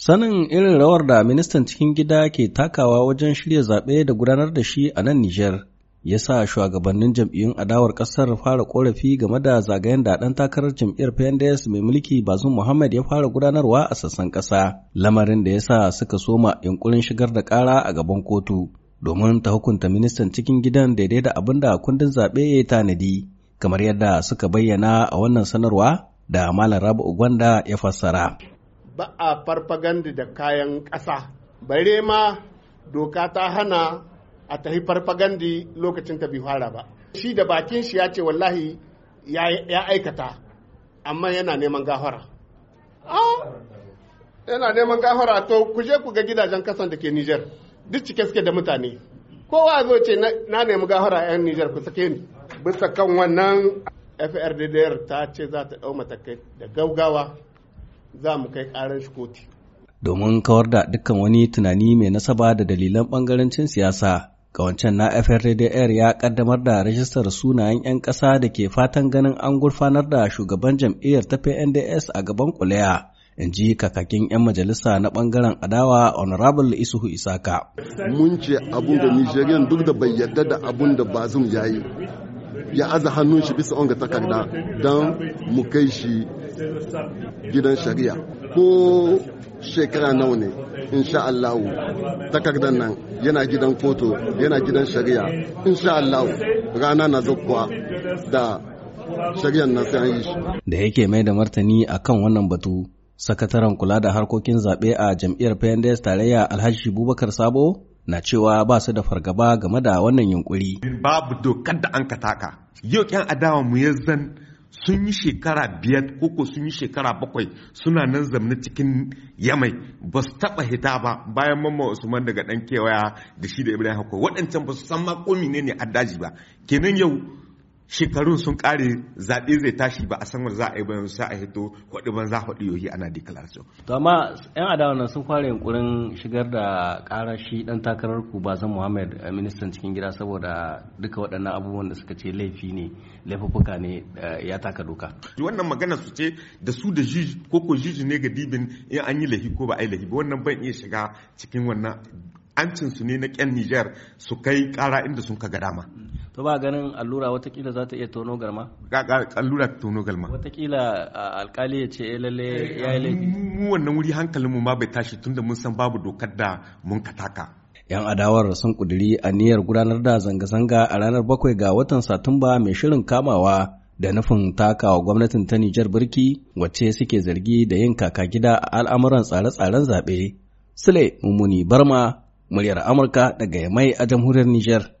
Sanin irin rawar da ministan cikin gida ke takawa wajen shirya zaɓe da gudanar da shi a nan Nijar ya sa shugabannin jam'iyyun adawar ƙasar fara ƙorafi game da zagayen da ɗan takarar jam'iyyar PNDS mai mulki Bazum Muhammad ya fara gudanarwa a sassan ƙasa, lamarin da ya sa suka soma yunƙurin shigar da ƙara a gaban kotu domin ta hukunta ministan cikin gidan daidai da abin da kundin zaɓe ya yi tanadi, kamar yadda suka bayyana a wannan sanarwa da Malam Rabu Ugwanda ya fassara. ba a farfaganda da kayan ƙasa bare ma doka ta hana a tafi farfagandi lokacin ta fara ba shi da bakin shi ya ce wallahi ya aikata amma yana neman gafara ah, yana neman gafara to ku je ku ga gidajen kasan da ke Nijar duk cike suke da mutane kowa zo ce na nemi gafara yan Nijar ku sake ni bisa kan wannan FRDDR ta ce za ta dau matakai da gaugawa za mu kai karar shi Domin kawar da dukkan wani tunani mai nasaba da dalilan bangarancin siyasa, kawancen na FRDR ya kaddamar da rajistar sunayen 'yan ƙasa da ke fatan ganin an gurfanar da shugaban jam'iyyar ta PNDS a gaban kulaya in ji kakakin 'yan majalisa na bangaren adawa honorable isuhu isaka mun ce abun da nigerian duk da bai yarda da abun da bazum ya yi ya aza hannun shi bisa onga takarda don mu kai shi gidan shari'a ko shekara nawa ne insha Allahu takardar nan yana gidan kotu yana gidan shari'a insha Allahu rana na zukuwa da shari'ar na sai yi da yake mai da martani a kan wannan batu sakataren kula da harkokin zaɓe a jam'iyyar PNDS tarayya Alhaji Bubakar Sabo na cewa ba su da fargaba game da wannan yunkuri babu dokar da an kataka yau kyan adawa mu ya zan sun yi shekara biyar koko sun yi shekara bakwai suna nan zamna cikin yamai ba su taba hita ba bayan mamman usman daga dan kewaya da shi da ibrahim hakuri waɗancan ba su san makomi ne ne a daji ba kenan yau shekarun sun kare zaɓe zai tashi ba a san wanda za a yi ba yanzu sai a hito kwaɗi banza kwaɗi yohi ana declaration. to amma yan adawa nan sun fara yunkurin shigar da ƙara shi ɗan takarar ku bazan muhammad eh, ministan cikin gida saboda duka waɗannan abubuwan da suka ce laifi ne laifuffuka ne eh, ya taka doka. wannan magana su ce da su da jiji ko ko jiji ne ga dibin in an yi lahi ko ba a yi lahi ba wannan ban iya shiga cikin wannan ancin su ne na ƙyan Nijar su kai ƙara inda sun ka ga dama. to ba ganin allura watakila za ta iya tono galma allura ta tono galma watakila alkali ya ce eh, lalle eh, ya yi laifi mu wannan wuri hankalinmu ma bai tashi tunda mun san babu dokar da mun kataka 'yan adawar sun kuduri niyyar gudanar da zanga-zanga a ranar bakwai ga watan satumba mai shirin kamawa da nufin takawa gwamnatin ta nijar birki wacce suke zargi da yin kaka gida a al'amuran tsare-tsaren zaɓe sule mummuni barma muryar amurka daga yamai a jamhuriyar nijar